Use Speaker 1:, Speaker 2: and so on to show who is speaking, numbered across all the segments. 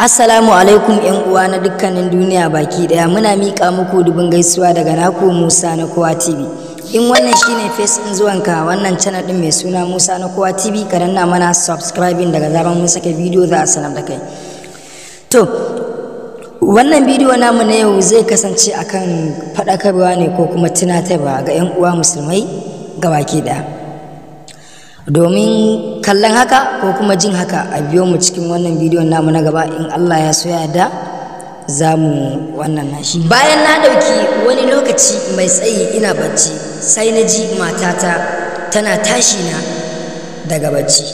Speaker 1: Assalamu alaikum ‘yan uwa na dukkanin duniya baki daya muna mika muku dubin gaisuwa daga naku Musa na Kowa TV. In wannan shine zuwan zuwanka wannan channel din mai suna Musa na Kowa TV ka danna mana subscribing daga zaran mun saka bidiyo za a sanar da kai. To wannan bidiyo namu na yau zai kasance akan faɗakarwa ne ko kuma tunatarwa ga ‘yan uwa musulmai ga baki daya. Domin kallon haka ko kuma jin haka a biyo mu cikin wannan bidiyon namu na gaba in Allah ya so ya da za mu wannan nashi bayan na ɗauki wani lokaci mai tsayi ina bacci sai na ji matata tana tashi na daga bacci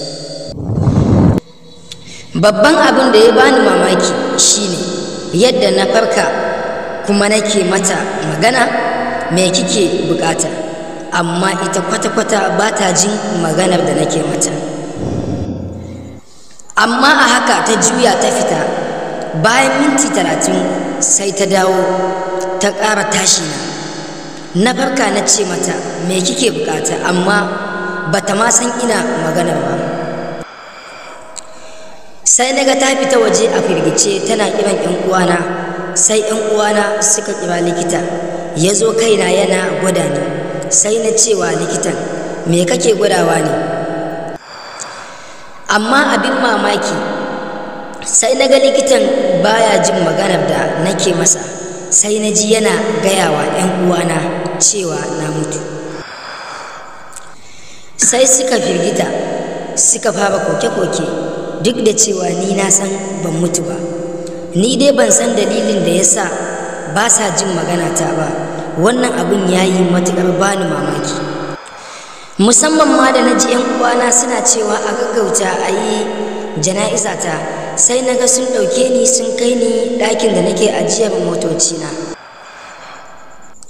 Speaker 1: babban abin da ya bani mamaki shine yadda na farka kuma nake mata magana me kike bukata amma ita kwata-kwata ba ta jin maganar da nake mata amma a haka ta juya ta fita bayan minti talatin sai ta dawo ta ƙara tashi na na farka na ce mata me kike bukata amma bata ma san ina maganar ba sai naga ta fita waje a firgice tana kiran yan uwana sai yan uwana suka kira likita ya zo kaina yana gwada ne sai na cewa likitan me kake gwadawa ne amma abin mamaki sai na ga likitan baya jin maganar da nake masa sai na ji yana gayawa 'yan uwana cewa na mutu sai suka firgita suka fara koke-koke duk da cewa ni na san ban mutu ba ni dai ban san dalilin da ya sa ba sa jin magana ta ba wannan abin ya yi matuƙar bani mamaki musamman ma da na ji 'yan uwana suna cewa a gaggauta a yi jana'iza ta sai na ga sun ɗauke ni sun kai ni ɗakin da nake ajiyar motoci motocina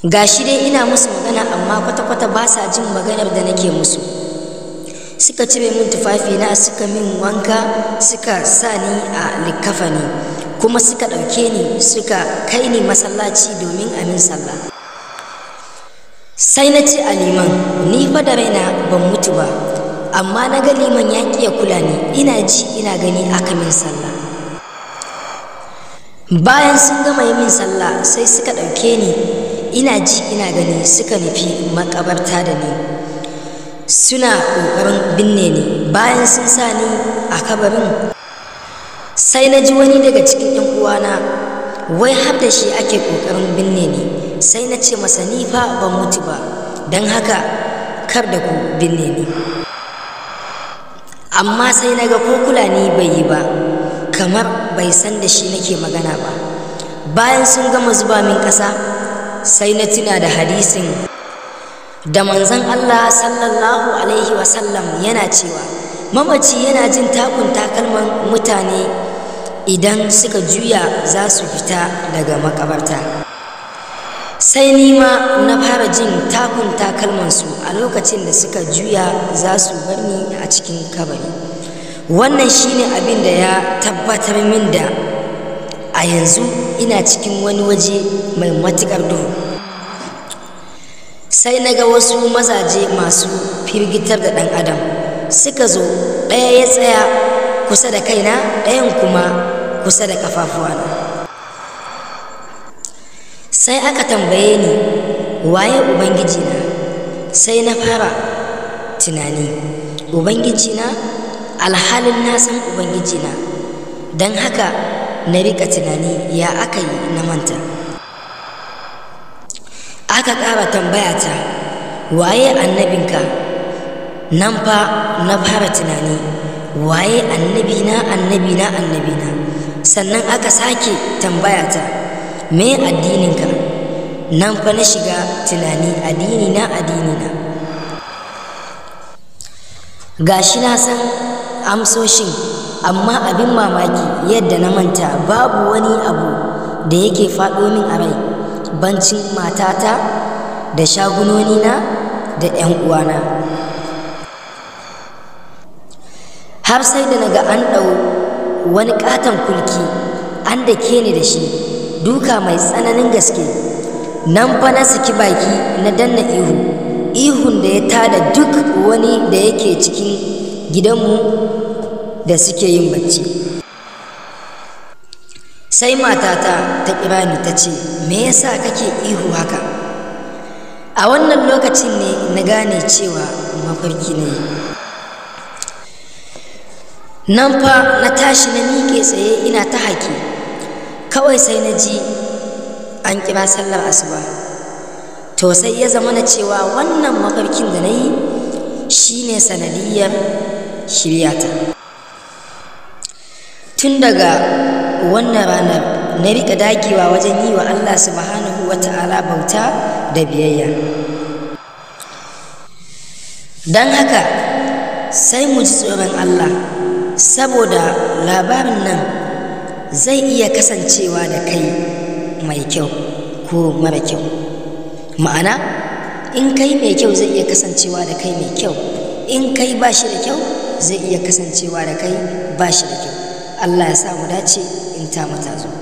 Speaker 1: gashi dai ina musu magana amma kwata-kwata ba sa jin maganar da nake musu suka cire min na suka min wanka suka sa ni a likafani kuma suka ɗauke ni suka kai ni masallaci domin amin sallah sai na ce a liman ni fa da raina ban mutu ba amma na ga liman ya ƙi ya kula ni ina ji ina gani aka min sallah bayan sun gama yi min sallah sai suka ɗauke ni ina ji ina gani suka nufi makabarta da ni suna ƙoƙarin binne ni bayan sun sa ni a kabarin sai na ji wani daga cikin 'yan uwana wai har da shi ake ƙoƙarin binne ni sai na ce masa ni fa ban mutu ba don haka kar da ku binne ni amma sai na ga ko bai yi ba kamar bai san da shi nake magana ba bayan sun gama zuba min ƙasa sai na tuna da hadisin da manzon Allah sallallahu alaihi wasallam yana cewa mamaci yana jin takun takalman mutane idan suka juya za su fita daga makabarta sai nima na fara jin takun takalmansu a lokacin da suka juya za su bar ni a cikin kabari wannan shine abin da ya tabbatar min da a yanzu ina cikin wani waje mai matuƙar duhu sai na ga wasu mazaje masu firgitar da ɗan adam suka zo ɗaya ya tsaya kusa da kaina ɗayan kuma kusa da ƙafafuwana sai aka tambaye ni waye ubangiji na sai na fara tunani ubangiji na alhalin na san ubangiji na don haka na rika tunani ya aka yi na manta aka ƙara tambaya ta waye annabinka nan fa na fara tunani waye annabina annabina annabina sannan aka sake tambaya ta me addininka nan fa na shiga tunani addini na addini na gashi na san amsoshin amma abin mamaki yadda na manta babu wani abu da yake faɗo min a rai bancin matata da shagunonina da 'yan uwana har sai da naga an ɗau wani ƙaton kulki an da ke ni da shi duka mai tsananin gaske nan fa na saki baki na danna ihu ihun da ya tada duk wani da yake cikin gidanmu da suke yin bacci sai matata ta kira ni ta ce me yasa kake ihu haka a wannan lokacin ne na gane cewa mafarki ne nan fa na tashi na miƙe tsaye ina ta haƙe kawai sai na ji an kira sallar asuba to sai ya zama na cewa wannan mafarkin da na yi shine sanadiyar shiryata tun daga wannan ranar na riƙa dagewa wajen yi wa Allah subhanahu wa ta'ala bauta da biyayya don haka sai mu ji tsoron Allah saboda labarin nan zai iya kasancewa da kai mai kyau ko mara kyau ma'ana in kai mai kyau zai iya kasancewa da kai mai kyau in kai ba shi da kyau zai iya kasancewa da kai ba shi da kyau allah ya sa mu dace in ta mata zo